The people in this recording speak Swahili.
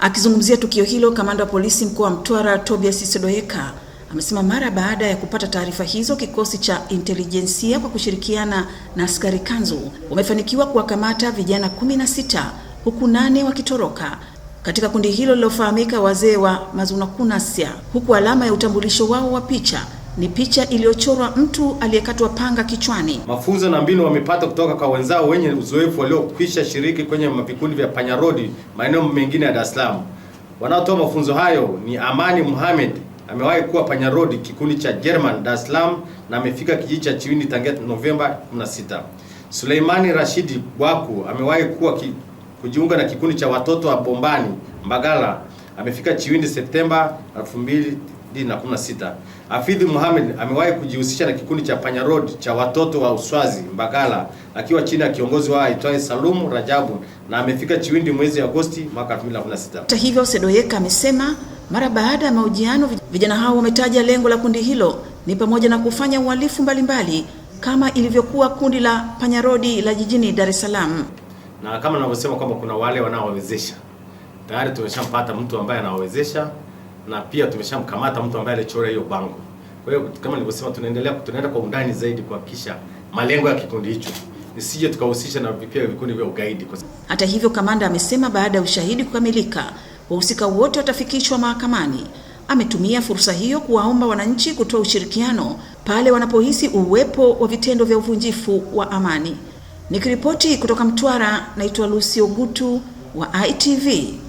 Akizungumzia tukio hilo, kamanda wa polisi mkoa wa Mtwara Tobias Sedoyeka amesema mara baada ya kupata taarifa hizo, kikosi cha intelijensia kwa kushirikiana na askari kanzu wamefanikiwa kuwakamata vijana 16 huku nane wakitoroka katika kundi hilo lilofahamika wazee wa Mazunakunasya, huku alama ya utambulisho wao wa picha ni picha iliyochorwa mtu aliyekatwa panga kichwani. Mafunzo na mbinu wamepata kutoka kwa wenzao wenye uzoefu waliokwisha shiriki kwenye vikundi vya panyarodi maeneo mengine ya Dar es Salaam. Wanaotoa mafunzo hayo ni Amani Muhammad, amewahi kuwa panyarodi kikundi cha German Dar es Salaam na amefika kijiji cha Chiwindi tangia Novemba 16. Suleimani Rashidi Bwaku amewahi kuwa ki, kujiunga na kikundi cha watoto wa Bombani Mbagala, amefika Chiwindi Septemba 2016 Afidhi Mohamed amewahi kujihusisha na kikundi cha Panya Road cha watoto wa Uswazi Mbagala akiwa chini ya kiongozi wao aitwaye salumu Rajabu na amefika Chiwindi mwezi Agosti mwaka 2016. Hata hivyo, Sedoyeka amesema mara baada ya mahojiano vijana hao wametaja lengo la kundi hilo ni pamoja na kufanya uhalifu mbalimbali kama ilivyokuwa kundi la Panyarodi la jijini Dar es Salaam, na kama ninavyosema kwamba kuna wale wanaowezesha tayari tumeshampata mtu ambaye anawawezesha na pia tumeshamkamata mtu ambaye alichora hiyo bango. Kwa hiyo kama nilivyosema, tunaendelea tunaenda kwa undani zaidi kuhakikisha malengo ya kikundi hicho nisije tukahusisha na pia vikundi vya ugaidi. Hata hivyo, kamanda amesema baada ya ushahidi kukamilika, wahusika wote watafikishwa mahakamani. Ametumia fursa hiyo kuwaomba wananchi kutoa ushirikiano pale wanapohisi uwepo wa vitendo vya uvunjifu wa amani. Nikiripoti kutoka Mtwara, naitwa Lucy Ogutu wa ITV.